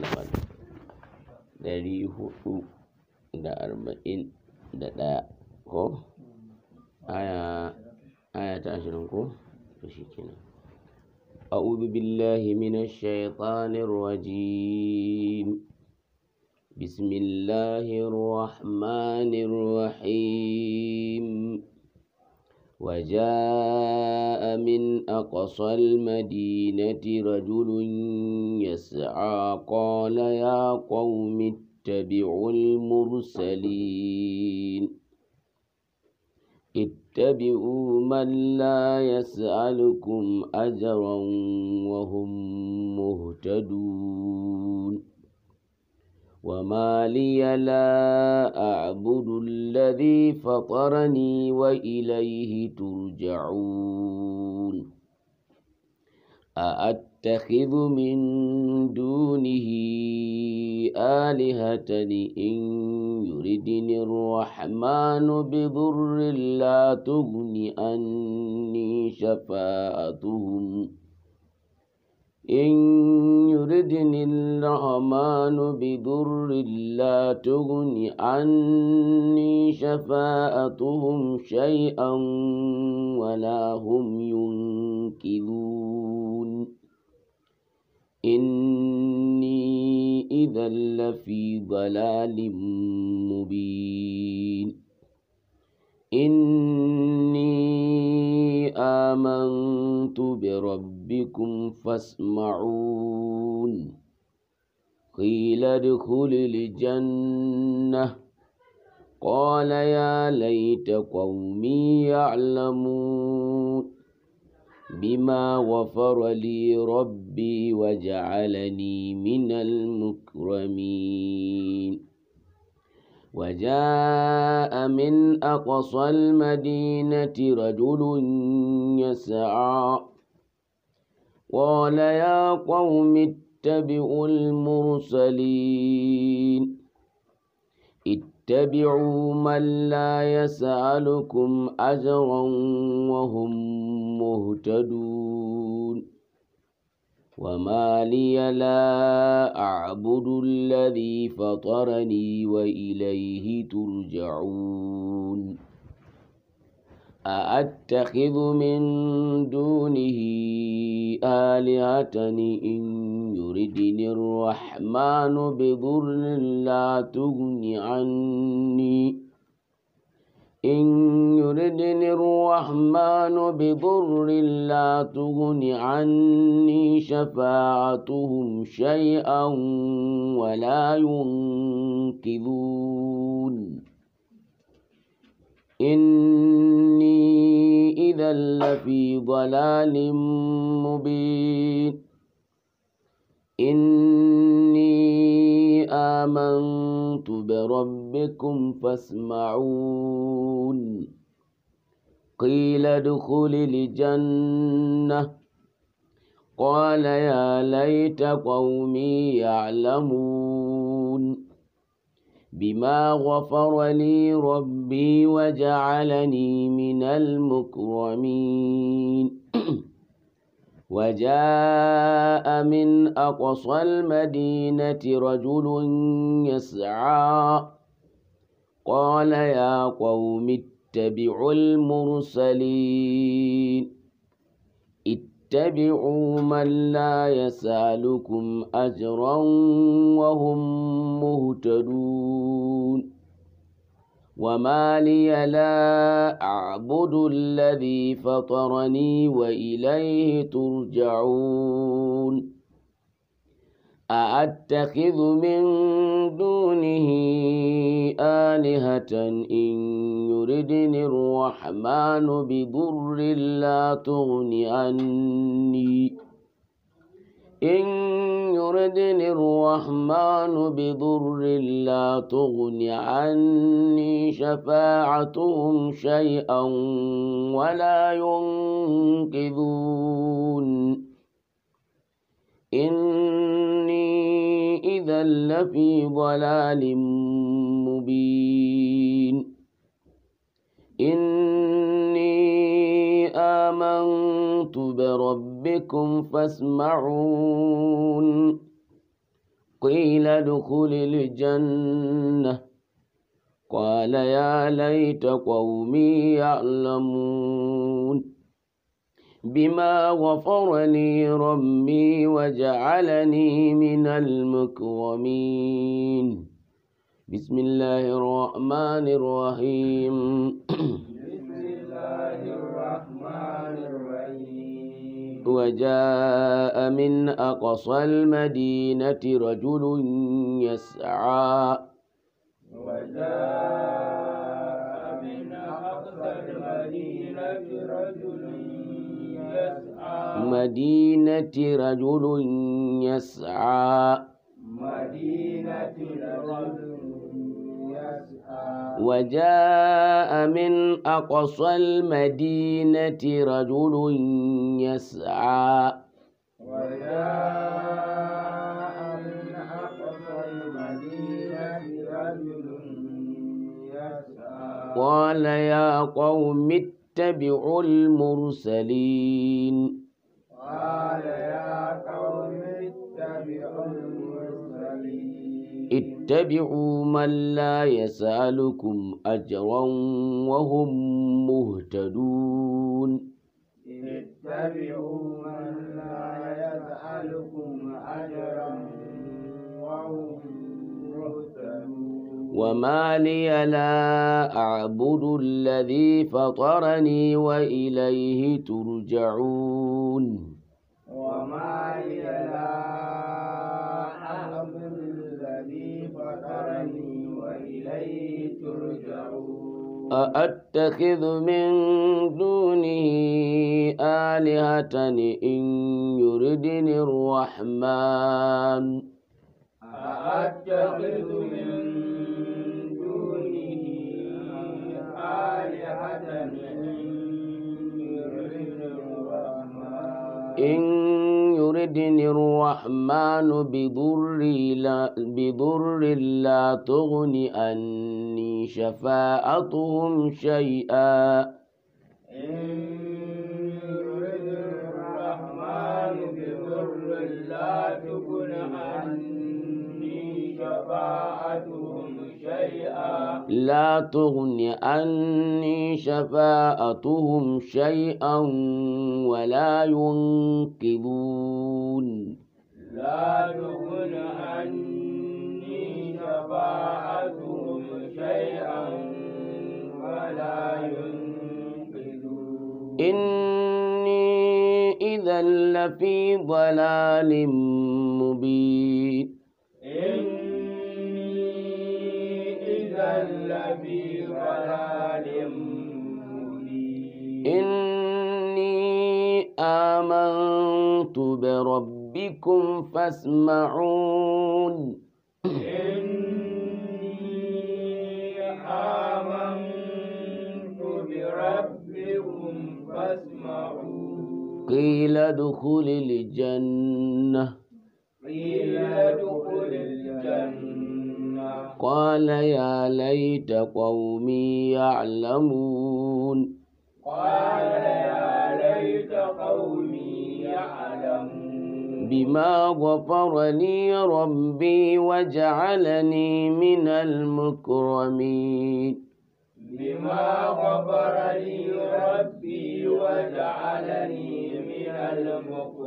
Salman ɗari huɗu da arba'in da ɗaya ko? aya ta ashirin ko? To shi kenan. أعوذ بالله من الشيطان الرجيم بسم الله الرحمن الرحيم وجاء من أقصى المدينة رجل يسعى قال يا قوم اتبعوا المرسلين اتبعوا من لا يسألكم أجرا وهم مهتدون وما لي لا أعبد الذي فطرني وإليه ترجعون أأتخذ من دونه آلهة إن يردني الرحمن بضر لا تغن أني شفاعتهم إن يردني الرحمن بضر لا تغن عني شفاءتهم شيئا ولا هم ينكرون إني إذا لفي ضلال مبين إني آمنت بربكم فاسمعون قيل ادخل الجنة قال يا ليت قومي يعلمون بما غفر لي ربي وجعلني من المكرمين وجاء من أقصى المدينة رجل يسعى قال يا قوم اتبعوا المرسلين اتبعوا من لا يسألكم أجرا وهم مهتدون وما لي لا أعبد الذي فطرني وإليه ترجعون أأتخذ من دونه آلهة إن يردني الرحمن بضر لا تغن عني إن يردني الرحمن بضر لا تغن عني شفاعتهم شيئا ولا ينقذون إني إذا لفي ضلال مبين إني آمنت كنت بربكم فاسمعون قيل ادخل الجنة قال يا ليت قومي يعلمون بما غفر لي ربي وجعلني من المكرمين وجاء من أقصى المدينة رجل يسعى قال يا قوم اتبعوا المرسلين اتبعوا من لا يسالكم أجرا وهم مهتدون وما لي لا أعبد الذي فطرني وإليه ترجعون أأتخذ من دونه آلهة إن يردني الرحمن بضر لا تغن عني إن يردني الرحمن بضر لا تغن عني شفاعتهم شيئا ولا ينقذون إني إذا لفي ضلال مبين إني آمنت برب ربكم فاسمعون قيل ادخل الجنة قال يا ليت قومي يعلمون بما غفرني ربي وجعلني من المكرمين بسم الله الرحمن الرحيم وجاء من أقصى المدينة رجل يسعى وجاء من أقصى المدينة رجل يسعى مدينة رجل يسعى مدينة رجل وجاء من أقصى المدينة رجل يسعى وجاء من أقصى المدينة رجل يسعى قال يا قوم اتبعوا المرسلين قال يا قوم اتبعوا المرسلين اتبعوا من لا يسألكم أجرا وهم مهتدون اتبعوا من لا يسألكم أجرا وهم مهتدون وما لي لا أعبد الذي فطرني وإليه ترجعون وما لي لا أأتخذ من دونه آلهة إن يردني الرحمن أأتخذ من دونه آلهة إن يردني الرحمن وعد الرحمن بضر لا, بضر لا تغن عني شفاعتهم شيئا لا تغن عني شفاءتهم شيئا ولا ينقذون لا تغن عني شفاءتهم شيئا ولا ينقذون إني إذا لفي ضلال مبين لفي ضلال مبين إني آمنت بربكم فاسمعون إني آمنت بربكم فاسمعون قيل ادخل الجنة قيل ادخل قال يا ليت قومي يعلمون قال يا ليت قومي يعلمون بما غفر لي ربي وجعلني من المكرمين بما غفر لي ربي وجعلني من المكرمين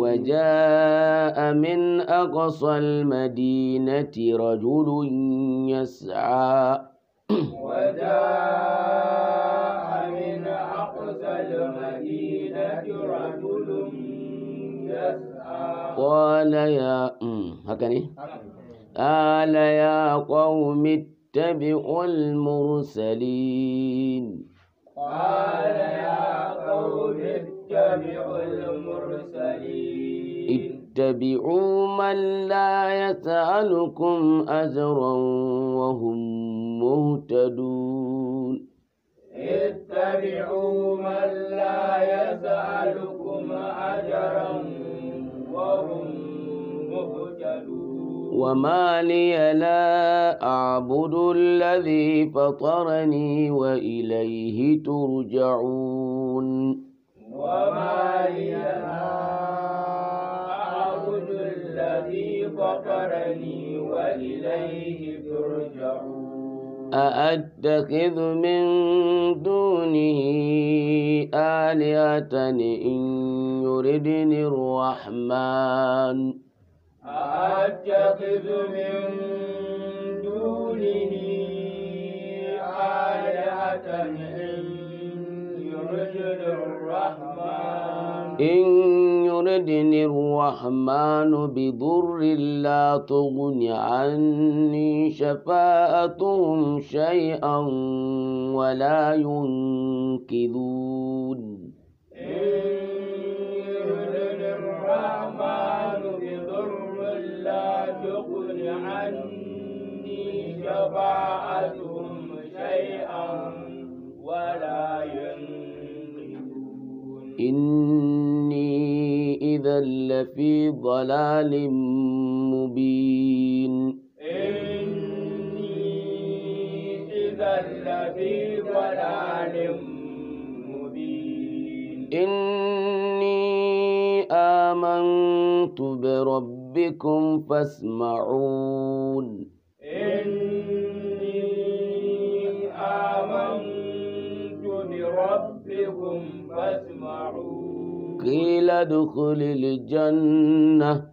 وجاء من أقصى المدينة رجل يسعى وجاء من أقصى المدينة رجل يسعى قال يا هكذا قال يا قوم اتبعوا المرسلين قال يا قوم اتبعوا المرسلين اتبعوا من لا يسألكم أجرا وهم مهتدون اتبعوا من لا يسألكم أجرا وهم مهتدون وما لي لا أعبد الذي فطرني وإليه ترجعون وما لي أعبد الذي فطرني وإليه ترجعون أأتخذ من دونه آلهة إن يردني الرحمن أأتخذ من دونه آلهة إن إن يردني الرحمن بضر لا تغن عني شفاءتهم شيئا ولا ينقذون إِنْ شيئا ولا ينقذون إذا لفي ضلال مبين إني إذا لفي ضلال مبين إني آمنت بربكم فاسمعون إني آمنت بربكم فاسمعون قيل ادخل الجنة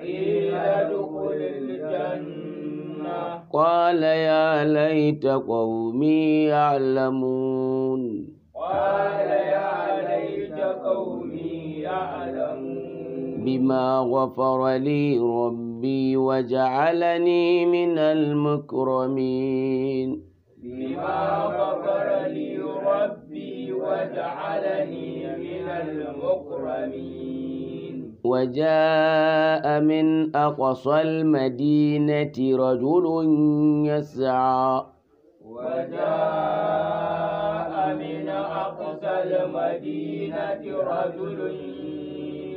قيل ادخل الجنة قال يا ليت قومي يعلمون قال يا ليت قومي يعلمون بما غفر لي ربي وجعلني من المكرمين بما غفر لي وجعلني من المكرمين وجاء من أقصى المدينة رجل يسعى وجاء من أقصى المدينة رجل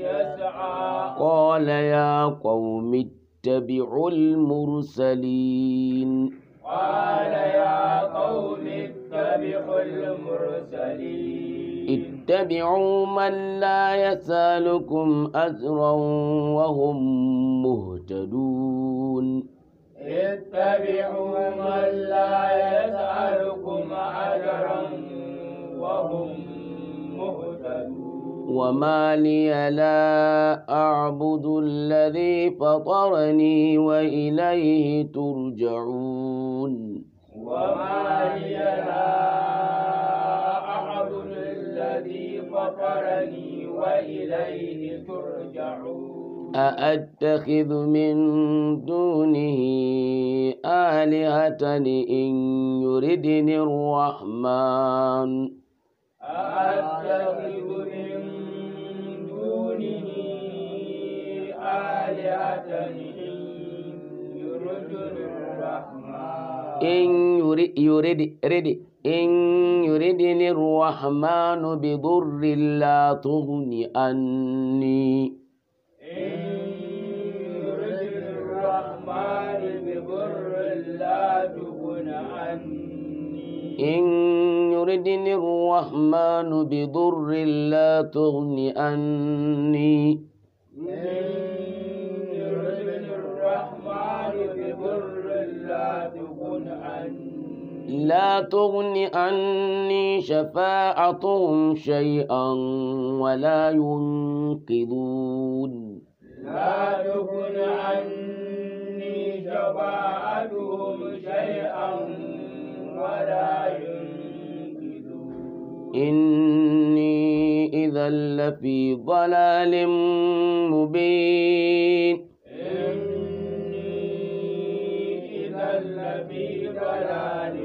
يسعى قال يا قوم اتبعوا المرسلين قال يا قوم المرسلين اتبعوا من لا يسألكم أجرا وهم مهتدون اتبعوا من لا يسألكم أجرا وهم مهتدون وما لي لا أعبد الذي فطرني وإليه ترجعون وما لي أأتخذ من دونه آلهة إن يردني الرحمن أأتخذ من دونه آلهة إن يردني الرحمن إن يريد, يريد, يريد إن يردني الرحمن بضر لا تغني عني إن يردني الرحمن بضر لا تغني أني إن إن يردني الرحمن بضر لا تغني لا تغن عني شفاعتهم شيئا ولا ينقذون لا تغن عني شفاعتهم شيئا ولا ينقذون إني إذا لفي ضلال مبين لفي ضلال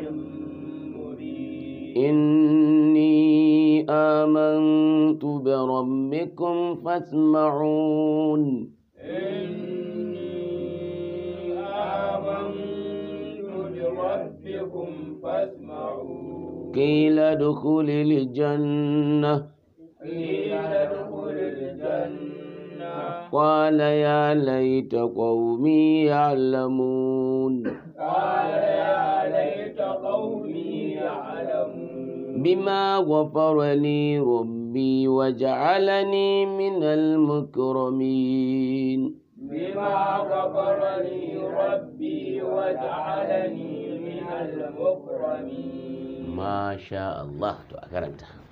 مبين إني آمنت بربكم فاسمعون إني آمنت بربكم فاسمعون قيل ادخل الجنة قيل قال يا ليت قومي يعلمون قال يا ليت قومي يعلمون بما غفر لي ربي وجعلني من المكرمين بما غفر لي ربي وجعلني من المكرمين ما شاء الله وتعالى